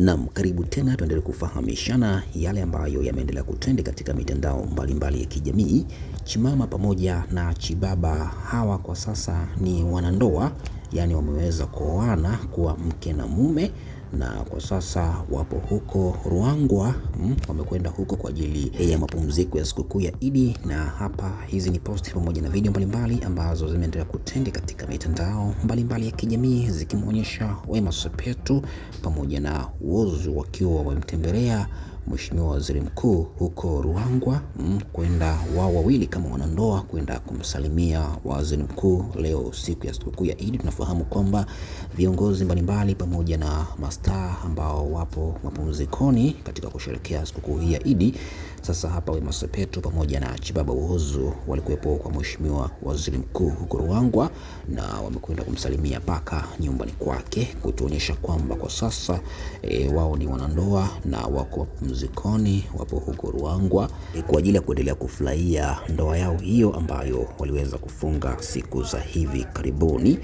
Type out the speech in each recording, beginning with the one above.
Naam, karibu tena, tuendelee kufahamishana yale ambayo yameendelea kutrendi katika mitandao mbalimbali mbali ya kijamii. Chimama pamoja na Chibaba hawa kwa sasa ni wanandoa, yaani wameweza kuoana kuwa mke na mume na kwa sasa wapo huko Ruangwa mm, wamekwenda huko kwa ajili ya mapumziko ya sikukuu ya Idi, na hapa hizi ni posti pamoja na video mbalimbali ambazo zimeendelea kutendi katika mitandao mbalimbali mbali ya kijamii zikimwonyesha Wema Sepetu pamoja na Whozu wakiwa wamemtembelea Mheshimiwa Waziri Mkuu huko Ruangwa mm, kwenda wao wawili kama wanandoa kwenda kumsalimia Waziri Mkuu leo siku ya sikukuu ya Idi. Tunafahamu kwamba viongozi mbalimbali pamoja na mastaa ambao wapo mapumzikoni katika kusherekea sikukuu hii ya Idi. Sasa hapa Wema Sepetu pamoja na Chibaba Wohozo walikuwepo kwa Mheshimiwa Waziri Mkuu huko Ruangwa na wamekwenda kumsalimia paka nyumbani kwake, kutuonyesha kwamba kwa sasa e, wao ni wanandoa na wako mapumzikoni Jikoni wapo huko Ruangwa kwa ajili ya kuendelea kufurahia ndoa yao hiyo ambayo waliweza kufunga siku za hivi karibuni.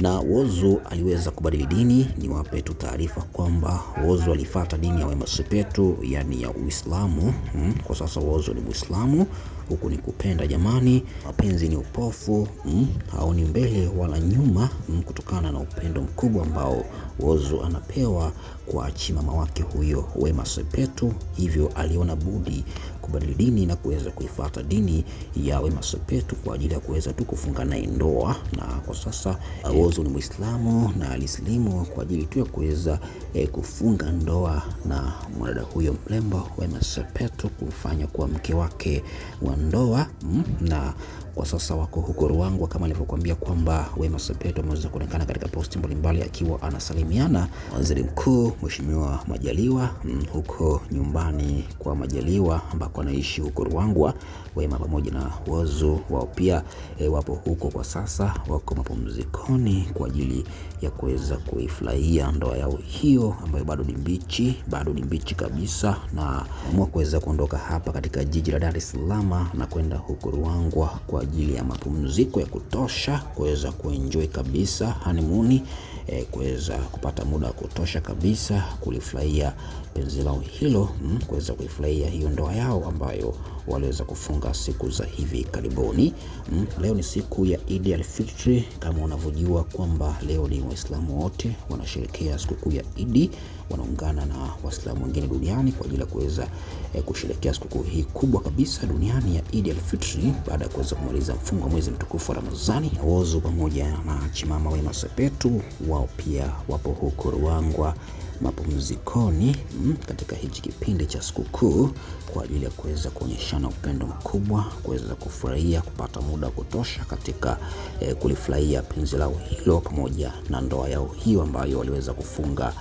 Na Whozu aliweza kubadili dini. Niwape tu taarifa kwamba Whozu alifata dini ya Wema Sepetu, yani ya Uislamu. Hmm, kwa sasa Whozu ni Muislamu huku ni kupenda jamani. Mapenzi ni upofu mm, haoni mbele wala nyuma mm, kutokana na upendo mkubwa ambao Whozu anapewa kwa chimama wake huyo Wema Sepetu, hivyo aliona budi kubadili dini na kuweza kuifuata dini ya Wema Sepetu kwa ajili ya kuweza tu kufunga naye ndoa, na kwa sasa uh, Whozu ni Muislamu na alislimu kwa ajili tu ya kuweza eh, kufunga ndoa na mwanadada huyo mrembo Wema Sepetu kufanya kuwa mke wake wa ndoa mm, na kwa sasa wako huko Ruangwa kama nilivyokuambia kwamba Wema Sepetu ameweza kuonekana katika maposti mbalimbali akiwa anasalimiana waziri mkuu Mheshimiwa Majaliwa mm, huko nyumbani kwa Majaliwa ambako anaishi huko Ruangwa. Wema pamoja na wazu wao pia e, wapo huko kwa sasa, wako mapumzikoni kwa ajili ya kuweza kuifurahia ndoa yao hiyo ambayo bado ni mbichi, bado ni mbichi kabisa, na amua kuweza kuondoka hapa katika jiji la Dar es Salaam na kwenda huko Ruangwa kwa ajili ya mapumziko ya kutosha kuweza kuenjoy kabisa honeymoon kami e, kuweza kupata muda wa kutosha kabisa kulifurahia penzi lao hilo mm, kuweza kuifurahia hiyo ndoa yao ambayo waliweza kufunga siku za hivi karibuni mm. Leo ni siku ya Idi Alfitri, kama unavyojua kwamba leo ni Waislamu wote wanasherekea sikukuu ya Eid wanaungana na Waislamu wengine duniani kwa ajili ya kuweza e, kusherekea sikukuu hii kubwa kabisa duniani ya Idi Alfitri baada ya kuweza kumaliza mfungo wa mwezi mtukufu wa Ramadhani. Whozu pamoja na Chimama Wema Sepetu wao pia wapo huko Ruangwa mapumzikoni mm, katika hichi kipindi cha sikukuu kwa ajili ya kuweza kuonyeshana upendo mkubwa, kuweza kufurahia, kupata muda wa kutosha katika eh, kulifurahia penzi lao hilo pamoja na ndoa yao hiyo ambayo waliweza kufunga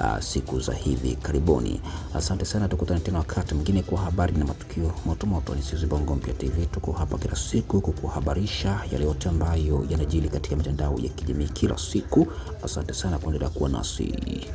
uh, siku za hivi karibuni. Asante sana, tukutane tena wakati mwingine kwa habari na matukio motomoto. Ni sisi Bongo Mpya TV, tuko hapa kila siku kukuhabarisha yale yote ambayo yanajili katika mitandao ya kijamii kila siku. Asante sana kuendelea kuwa nasi.